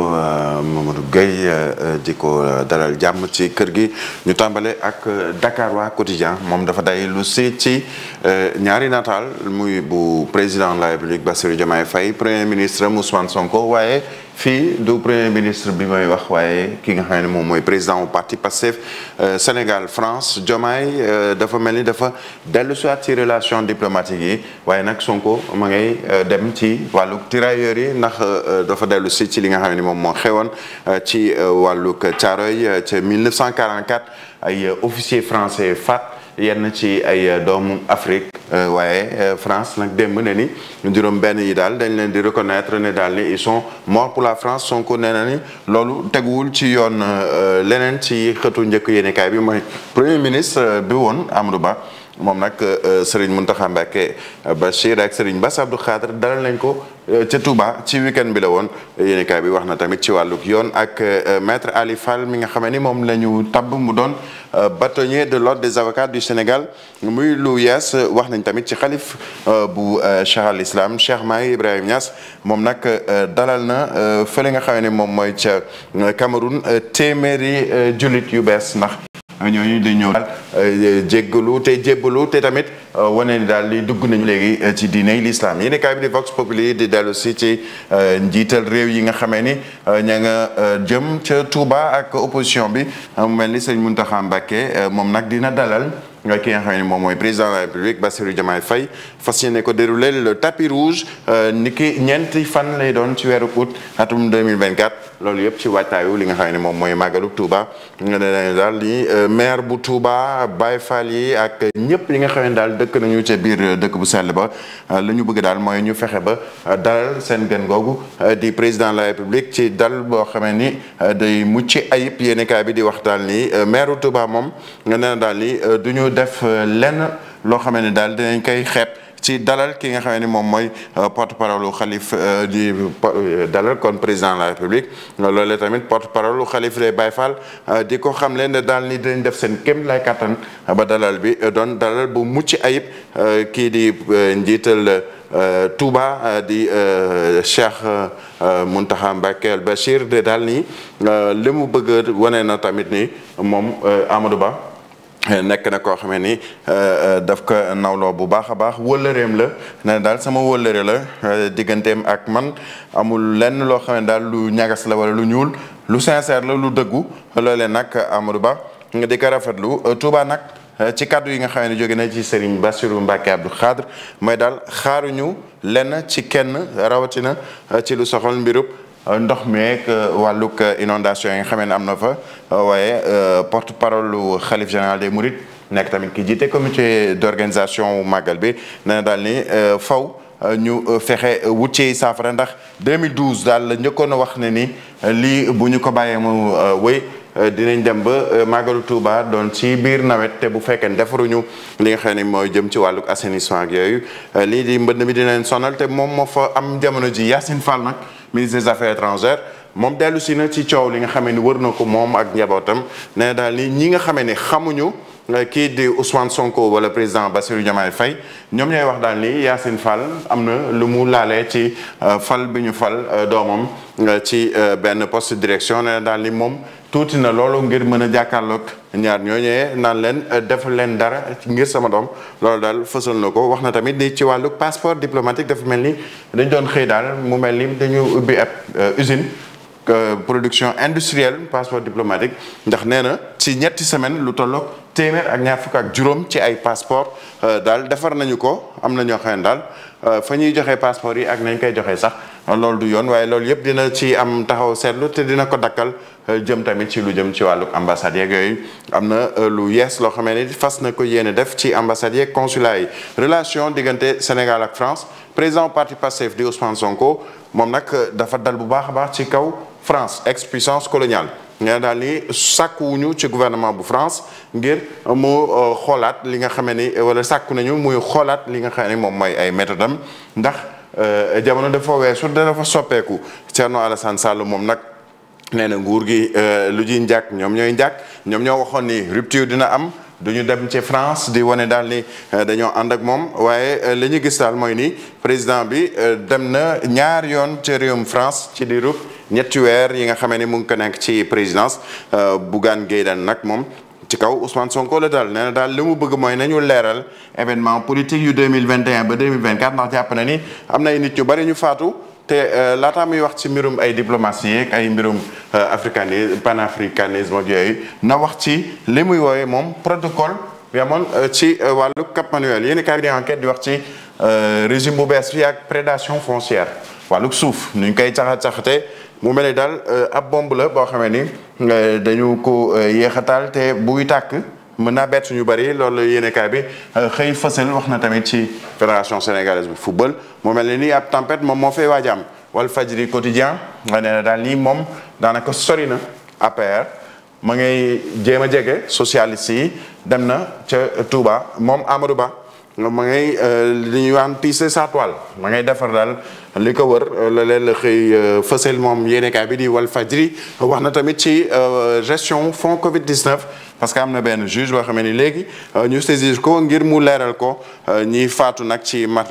Euh, Mamadou Gueye euh, euh, diko ko euh, dalal jàmm ci kër gi ñu tàmbale ak Dakar waa quotidien moom dafa day lu si ci ñaari nataal muy bu président de la République Bassirou Diomaye Faye premier ministre Ousmane Sonko waaye fi du premier ministre bi may wax waaye ki nga xam ne moom mooy président wu parti Pastef Sénégal France Diomaye dafa mel ni dafa dellu soit ci relation diplomatique yi waaye nag Sonko ci wàllu tirailleurs yi ndax dafa dellu ci li nga xam ne moom moo xewoon ci euh, wàllug Caaroy euh, ca 1944 ay euh, officier français faat yenn ci ay doomu Afrique waaye France nag démb ne ni ñu juróom benn yi daal dañu leen di reconnaître ne daal ni ils sont morts pour la France Sonko nee na ni loolu teguwul ci yoon leneen ci xëtu njëkk yéenekaay bi mooy premier ministre bi woon Amadou Ba moom nag euh, Serigne Mountakha ba euh, Bachir ak Serigne Bass Abdou Khadre dalal nañ ko euh, ca Touba ci weekend bi la woon yéenekaay bi wax na tamit ci wàllug yoon ak maître Ali Fall mi nga xamee ni moom la ñu tabb mu doon bâtonnier de l'ordre des avocats du Sénégal muy lu yees wax nañ tamit ci xalif bu Cheikh al Islam Cheikh Mahi Ibrahim Niass moom nag dalal na fële nga xamee ni moom mooy ca Cameroun téeméeri jullit yu bees ndax ñooñu di ñëw daal eh, jéggalu te jébbalu te tamit eh, wane ni daal li dugg nañu léegi eh, ci diine yi l'islam yéen kaay bi di Vox Populi di dellu si ci njiital réew yi nga xamee ni ña nga jëm ca Touba ak opposition bi mel ni sëñ Mountakha Mbacké moom nag dina dalal nga ki nga xam moom mooy président de la république Bassirou Diomaye Faye fas yéene ko déroulé le rouge euh, ni ñeenti fan lay doon ci weeru août atum 2024 loolu yëpp ci waajtaayu li nga xam ne moom mooy màggalu Touba nga ne dañu daal li euh, maire bu Touba Baye Fall yi ak ñëpp li nga xam ne daal dëkk nañu ca biir euh, dëkk bu sell ba lu ñu bëgg daal mooy ñu fexe ba dalal seen gën googu di président de la république ci dal boo xamee ni day mucc ayib yéenekaay bi di wax daal maire Touba moom def euh, lenn loo xam ne daal dinañ koy xeet ci dalal ki nga xam ni moom mooy euh, porte parole xalif euh, di dalal kon président de la république loolee tamit porte parole lu xalif lay Baye Fall di ko xam leen ne daal ni dañ def seen kem lay kattan ba dalal bi doon dalal bu mucc ayib kii di njiital Touba di Cheikh Mountakha Mbacké Bachir de daal nii li mu bëgg wane na tamit ni moom Amadou Ba. nekk na koo xamee ni euh, euh, daf ko nawloo bu baax a baax wëllëreem la ne daal sama wëllëre la euh, digganteem ak man amul lenn loo xam ne daal lu ñagas la wala lu ñuul lu sincère la lu dëggu loolee nag Amadou Ba nga di ko rafetlu Touba nag ci kaddu yi nga xam ne jóge na ci Serigne Bassirou Mbacke Abdou Khadre mooy daal xaaru xaaruñu lenn ci kenn rawatina ci lu soxol mbirub Euh, ndox meeg euh, wàllug euh, inondation yi nga xamee ne am na fa waaye porte parole lu xalif général des Mourides nekk tamit ki jiite comité d'organisation màggal bi nee na daal ni faw ñu fexe wut ci saafara ndax 2012 daal la njëkkoon a wax ne ni lii bu ñu ko bàyyee mu wéy dinañ dem ba màggalu Touba doon ci biir nawet te bu fekkee ne defaruñu li nga xam ne mooy jëm ci wàllu assainissement ak yooyu lii di mbënd mi dinañ sonal te moom moo fa am jamono ji Yacine Fall nag. ministre des affaires étrangères moom dellusi na ci coow li nga xamee ni wër na ko moom ak njabootam ne daal ni ñi nga xamee ni xamuñu eh, kii di Ousmane Sonko wala président Bassirou Diomaye Faye ñoom ñooy wax daal ni Yacine Fall am na lu mu laalee ci eh, fal bi ñu fal eh, doomam ci benn post direction ne daal ni moom tuuti na loolu ngir mën a jàkkaarloog ñaar ñoo ñëwee naan leen euh, def leen dara ngir sama doom loolu daal fësal na ko wax na tamit ni ci wàllu passeport diplomatique dafa mel ni dañ doon xëy daal mu mel ni dañu ubbi ak euh, usine euh, production industrielle passeport diplomatique ndax nee na ci ñetti semaine lu tolloog téeméer ak ñaar fukk ak juróom ci ay passeport daal defar nañu ko am na ñoo xam daal Euh, fa ñuy joxe passeport yi ak nañ koy joxe sax loolu du yoon waaye loolu yëpp dina ci am taxaw seetlu te dina ko dakkal euh, jëm tamit ci lu jëm ci wàllu ambassade yooyu am na euh, lu yees loo xamee ni fas na ko yéene def ci ambassade yeeg consulat yi relation diggante Sénégal ak France président partie Pastef di Ousmane Sonko moom nag dafa dal bu baax a baax ci kaw France ex puissance coloniale nga daal li sàkkuwuñu ci gouvernement bu France ngir mu euh, xoolaat li nga xamee ni wala sàkku nañu muy xoolaat li nga xamee ni moom mooy ay méthode am ndax euh, jamono dafa weesu dafa soppeeku Thierno Alassane Sall moom nag. nee na nguur gi euh, lu ji njàkk ñoom ñooy njàkk ñoom ñoo waxoon ni rupture dina am du ñu dem ci France di wane daal ni dañoo ànd ak moom waaye li ñu gis daal mooy ni président bi dem na ñaar yoon ci réewum France ci diirub ñetti weer yi nga xamee ne mu ngi nekk ci présidence euh, Bougane Gueye Dany nag moom ci kaw Ousmane Sonko la daal nee na daal li mu bëgg mooy nañu leeral événement politique yu 2021 ba 2024 ndax jàpp na ni am na ay nit ñu bari ñu faatu te euh, laataa muy wax ci mbirum ay diplomatie yeeg ay mbirum euh, africanisme panafricanisme ak yooyu na wax ci li muy woowee moom protocole bi amoon ci wàllu Cap Manuel yéen i kaay di enquête di wax ci régime bu bees bi ak prédation foncière wàllu suuf nuñ koy caxa caxate mu mel ni daal euh, ab bomb la boo xamee ni euh, dañu ko euh, yéexataal te buy tàkk mën naa bett suñu bari loolu yéenekaay bi xëy fësal wax na tamit ci fédération sénégalaise bu football mu mel ni nii ab tempête moom moo fay waaj am Walf Fadjri quotidien nee na daal nii moom daanaka sori na APR ma ngay jéem a jege socialiste yi dem na ca tuuba moom Amadou Ba. ma ngay euh, li ñuy wax tisser sa toile ma ngay defar daal li ko wër euh, la leen la xëy euh, fësal moom yéenekaay bi di wal Walf Fadjri wax na tamit ci gestion fonds Covid 19. parce que am na benn juge boo xamee ni léegi ñu saisir ko ngir mu leeral ko ñiy faatu nag ci mat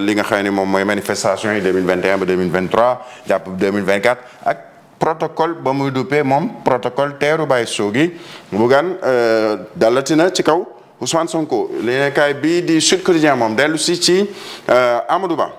li nga xam ne moom mooy manifestation yi 2021 ba 2023 jàpp 2024 ak. protocole ba muy duppee moom protocole teeru Baye Sogui bugan dalatina ci kaw. Ousmane Sonko yéenekaay bii di Sud Quotidien moom dellu si ci euh, Amadou Ba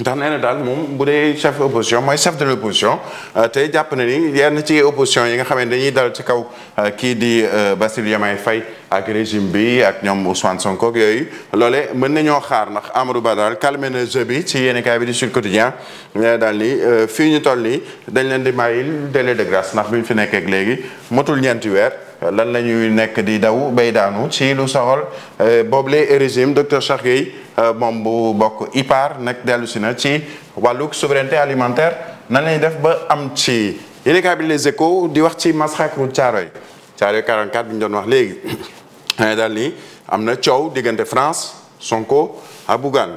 ndax nee na daal moom bu dee chef opposition mooy chef de l' opposition euh, tey jàpp na ni yenn ci opposition yi nga xam ne dañuy dal ci kaw euh, kii di Bassirou Diomaye Faye ak régime bi ak ñoom Ousmane Sonko ak yooyu loole mën nañoo xaar ndax Amadou daal calmé na jeu bi ci yéenekaay bi di Sud Quotidien daal ni fii ñu toll nii dañ leen di mayil délai de grâce ndax bi ñu fi nekkeek léegi motul ñeenti weer lan la ñuy nekk di daw bay daanu ci lu soxal euh, boobule régime docteur Cheikh Gueye euh, moom bu bokk IPAR nag dellusi na ci wàllug souveraineté alimentaire nan lañuy def ba am ci yéenekaay bi di wax ci massacre Thiaroye Thiaroye 44 bi ñu doon wax léegi daal ni am na coow diggante France Sonko ak Bougane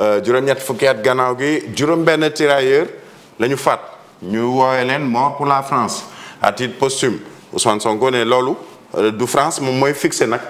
euh, juróom-ñett fukki at gannaaw gi juróom-benn tirailleur la ñu faat ñu woowee leen mort pour la France à titre posthume Ousmane Sonko ne loolu euh, du France moom mooy fixé nag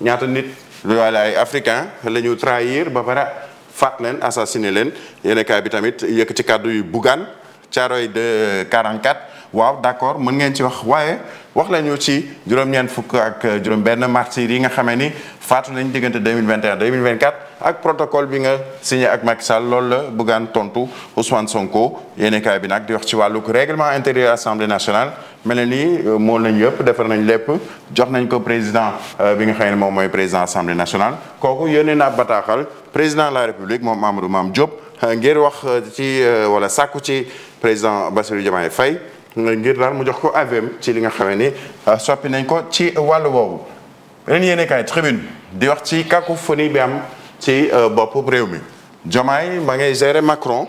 ñaata nit wala ay africain la ñu trahir ba pare faat leen assassiné leen yéen bi tamit yëkk ci kàddu yu Bougane Thiaroye de 44 euh, waaw d'accord mën ngeen ci wax waaye wax lañu ci juróom-ñeent fukk ak euh, juróom-benn martyrs yi nga xamee ni faatu nañ diggante 2021 2024 ak protocole bi nga signé ak Macky Sall lool la Bougane tontu Ousmane Sonko yéen kaay bi nag di wax ci wàllug réglement intérieur assemblée nationale. mel na ni euh, mool nañ yëpp defar nañ lépp jox nañ ko président euh, bi nga xawee ne moom mooy président assemblée nationale kooku yónnee naa bataaxal président la république moom Amadou maam Diop euh, ngir wax ci wala sàkku ci président Bassirou Diomaye Faye ngir daal mu jox ko avem ci li nga xamee ni soppi nañ ko ci wàll woowu ren yéene kaay tribune di wax ci cacophonie bi am ci bopp réew mi Diomaye ma ngay gérer Macron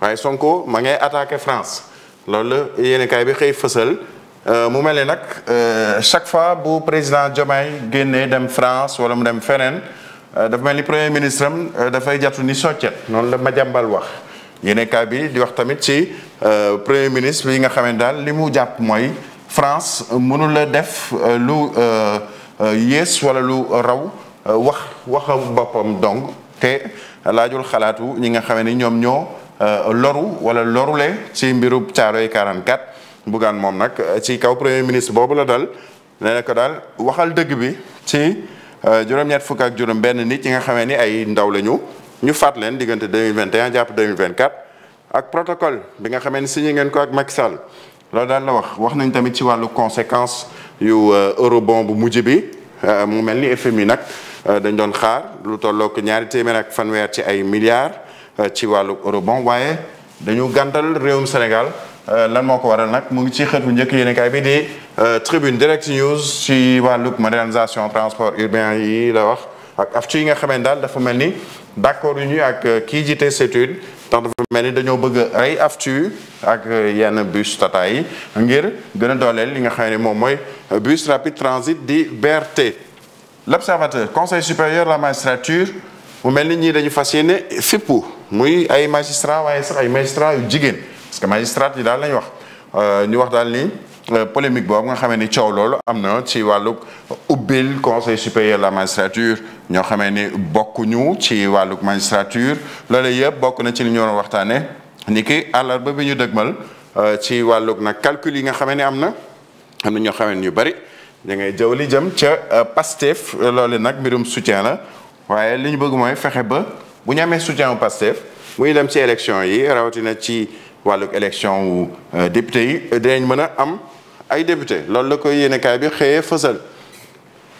waaye Sonko ma ngay attaquer France loolu yéen kaay bi xëy fësal euh, mu mel ne nag euh, chaque fois bu président Diomaye génnee dem France wala mu dem feneen euh, dafa mel ni premier ministre am dafay jàttu ni soccet noonu la ma jàmbal wax yéen kaay bi di wax tamit ci premier ministre bi nga xam ne daal li mu jàpp mooy France mënula la def lu yées wala lu raw wax waxam boppam dong te laajul xalaatu ñi nga xam ni ñoom ñoo. Euh, loru wala loru le ci mbiru Caaroy 44 Bougane moom nag euh, ci kaw premier ministre boobu la dal nee na ko daal waxal dëgg bi ci euh, juróom-ñett fukk ak juróom benn nit yi nga xamee ni ay ndaw la ñu ñu faat leen diggante 2021 jàpp 2024 ak protocole bi nga xamee ni signé ngeen ko ak Macky Sall loolu daal la wax wax nañ tamit ci wàllu conséquence yu eurobond bu mujj bi mu mel ni FMI nag dañ doon xaar lu tollook ñaari téeméer ak fanweer ci ay milliards Euh, ci wàllu eurobond waaye dañu gàntal réewum Sénégal euh, lan moo ko waral nag mu ngi ci xëtu njëkk yéenekaay bi di euh, tribune direct news ci wàllug modernisation transport urbain yi la wax ak af ci yi nga xamee daal dafa mel ni d'accord yu ñu ak kii jiite CETUD ndax mel ni dañoo bëgg ay aftu ak yenn bus tata yi ngir gën a dooleel li nga xam ne moom mooy bus rapide transit di BRT l'observateur conseil supérieur de la magistrature mu mel ni ñii dañu fas yéene fippu muy ay magistrat waaye sax ay magistrat yu jigéen parce que magistrat yi daal lañ wax euh, ñu wax daal ni euh, polémique boobu nga xamee ni coow loolu am na ci wàllug ubbil conseil supérieur de la magistrature ñoo xamee ni bokkuñu ci wàllug magistrature loolu yëpp bokk na ci li ñu waroon waxtaane ni ki àllarba bi ñu dëgmal euh, ci wàllug nag calcul yi nga xamee ni am na am na ñoo xamee ni ñu bëri da ngay jaww li jëm ca Pastef loole nag mbirum soutien la waaye li ñu bëgg mooy ba bu ñu amee soutien wu Pastef muy dem ci élection yi rawatina ci wàlluk élection wu euh, député yi dinañ mën a am ay député loolu la koy yéenekaay bi xëyee fësal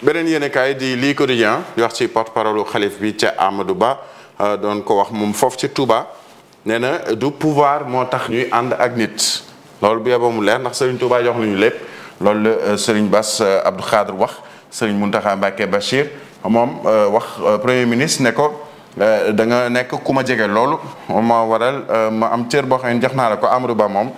beneen yéenekaay di lii quotidien di wax ci porte parole xalif bi ca Amadou Ba euh, doon ko wax moom foofu ci Touba nee na du pouvoir moo tax ñuy ànd ak nit loolu bu yeboo mu leer ndax Serigne Touba jox nañu lépp loolu la euh, Serigne Bass Abdou Khadre wax Serigne Mountakha Mbacké Bachir moom wax premier ministre ne ko Eh, da nga nekk ku ma jege loolu ma waral eh, ma am cër boo xam ne jox naa la ko Amadou Ba moom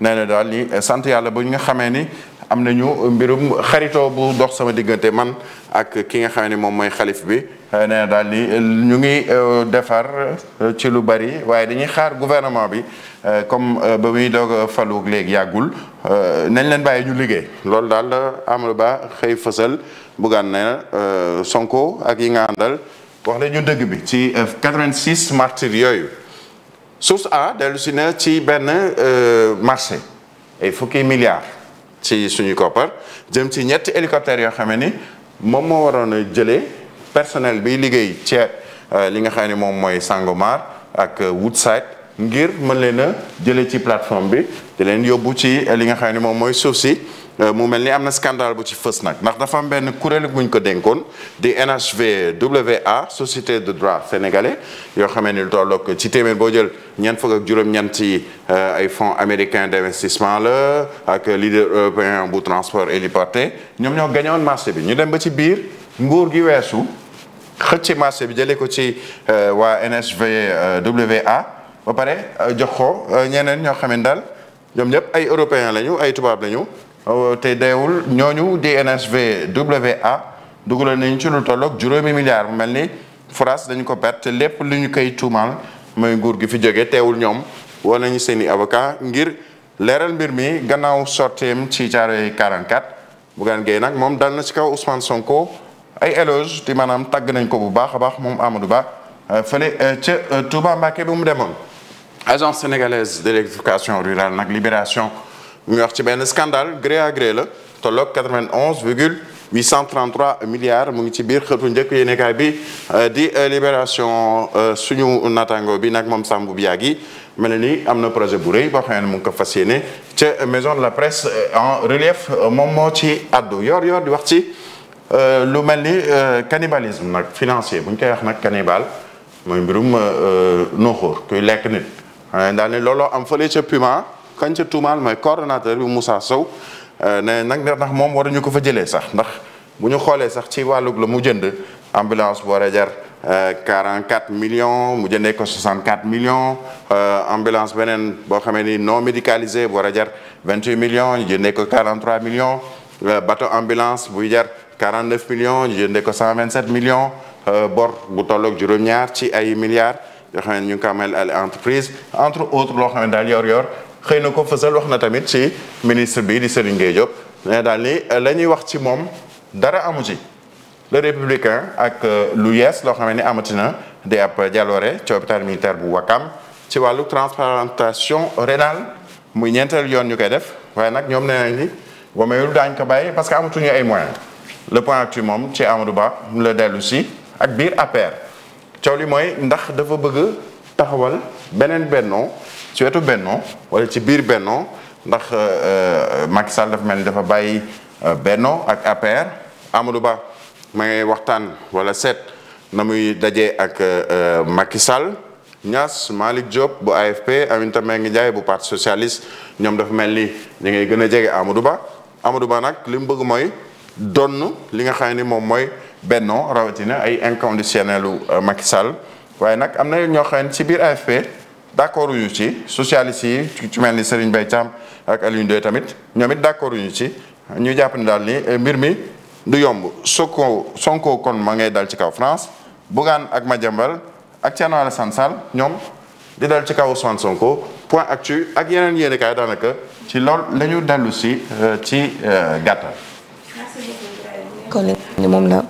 nee na daal ni eh, sant yàlla ba ñu nga xamee ni am nañu mbirum xaritoo bu dox sama diggante man ak ki nga xam ne moom mooy xalif bi daal ni ñu ngi defar ci lu bari waaye dañuy xaar gouvernement bi comme ba muy doog falu léegi yàggul nañ leen bàyyi ñu liggéey loolu daal Amadou Ba xëy fasal fësal buggaan na Sonko ak yi nga àndal wax la ñu dëgg bi ci 86 euh, martyrs yooyu source A dellu si na ci benn euh, marché ay fukki milliards ci suñu koppar jëm ci ñetti hélicoptères yoo xam ni moom moo waroon a jëlee personnel bi liggéey ci euh, li nga xam ni moom mooy Sangomar ak Woodside ngir mën leen a jëlee ci plateforme bi di leen yóbbu ci li nga xam ne moom mooy suuf si. Euh, mu mel ni am na scandale bu ci fës nag ndax dafa am benn kuréel buñ ko dénkoon di NHVWA société de droit sénégalais yoo xamee ni lu tolloog ci téeméer boo jël ñeent fukk ak juróom-ñeent ci euh, ay fonds américains d'investissement la ak leader européen bu transport héliporté ñoom ñoo gañoon marché bi ñu dem ba ci biir nguur gi weesu xëcc marché bi jëlee ko ci euh, waa NHVWA ba pare jox ko ñeneen ñoo xam ne daal ñoom ñëpp ay européens lañu ay tubaab lañu. te deewul ñooñu di NSVWA dugaloon nañ ci lu tolloog juróomi milliards mu mel ni France dañ ko perte lépp lu ñu koy tuumaal mooy nguur gi fi jóge teewul ñoom woo nañu seen i avocat ngir leeral mbir mi gannaaw sorteem ci Thiaroye 44 Bougane Gueye nag moom dal na ci kaw Ousmane Sonko ay éloge di maanaam tàgg nañ ko bu baax a baax moom Amadou Ba euh, fële euh, ca euh, Touba Mbacké bi mu demoon agence sénégalaise de l'éducation nag libération mu wax ci benn scandale gré à gré la tolloog 91 virgule 833 milliards mu ngi ci biir xëtu njëkk yéenekaay bi euh, di euh, libération euh, suñu natango bi nag moom Sambou Biagui mel na ni am na projet bu rëy boo xam ne mu ngi ko fas yéene ca maison de la presse en relief moom moo ci addu yor yor di wax ci lu mel ni cannibalisme nag financier bu ñu koy wax nag cannibal mooy mbirum noxóor kuy lekk nit daal ne looloo am fële ca Puma kañ ca tuumaal mooy coordonnateur bi Moussa Sow euh, ne nag ndax moom waruñu ko fa jëlee sax ndax bu ñu xoolee sax ci wàllug la mu jënd ambulance bu war a jar 44 euh, millions mu jëndee ko 64 millions euh, ambulance beneen boo xamee ni non médicalisé bu a jar million millions ñu jëndee ko million millions bateau ambulance buy jar 49 millions ñu jëndee ko 127 millions bor bu tolloog juróom-ñaar ci ay milliards yoo xam ñu ngi entreprise entre autres loo xam ne daal yor-yor. xëy na ko fësal wax na tamit ci ministre bi di Serigne Gueye Diop ne daal ni euh, la ñuy wax ci moom dara amu ci le républicain ak euh, lu yees loo xam ni amati na di ab jaloore ci hôpital militaire bu Wakam ci wàllu transplantation rénale muy ñeenteel yoon ñu koy def waaye nag ñoom nee nañ ni ba mayul daañ ko bàyyi parce que amatuñu ay moyens le point actu moom ci Amadou Ba la dellu si ak biir APR coow li mooy ndax dafa bëgg taxawal beneen bennoo ci wetu Bennoo wala ci biir Bennoo ndax euh, euh, Macky Sall dafa mel ni dafa bàyyi euh, Bennoo ak APR Amadou Ba ma ngay waxtaan wala seet na muy dajee ak Macky Sall Niass Malick Diop bu AFP Aminata Mbengue Ndiaye bu parti socialiste ñoom dafa mel ni ñu ngay gën a jege Amadou Ba Amadou nag li bëgg mooy donn li nga xam ni moom mooy Bennoo rawatina ay inconditionnelu Macky Sall waaye nag am na ñoo ci biir AFP. d' accord yu ci socialiste yi ci mel ni Serigne Mbaye Thiam ak Alioune de tamit ñoom it d' accord yu ci ñu jàpp ne daal ni eh, mbir mi du yomb Sonko Sonko kon ma ngay dal ci kaw France Bougane ak Madiambal ak Thierno Alassane Sall ñoom di dal ci kaw son Sonko point actu ak yeneen yéen kaay daanaka ci lool lañu dellu si euh, ci euh, gàttal. kon ni moom la.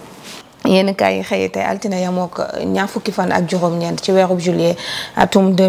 yéen kaay yi xëy tey altine yamook ñaar fukki fan ak juróom-ñeent ci weerub juillet atum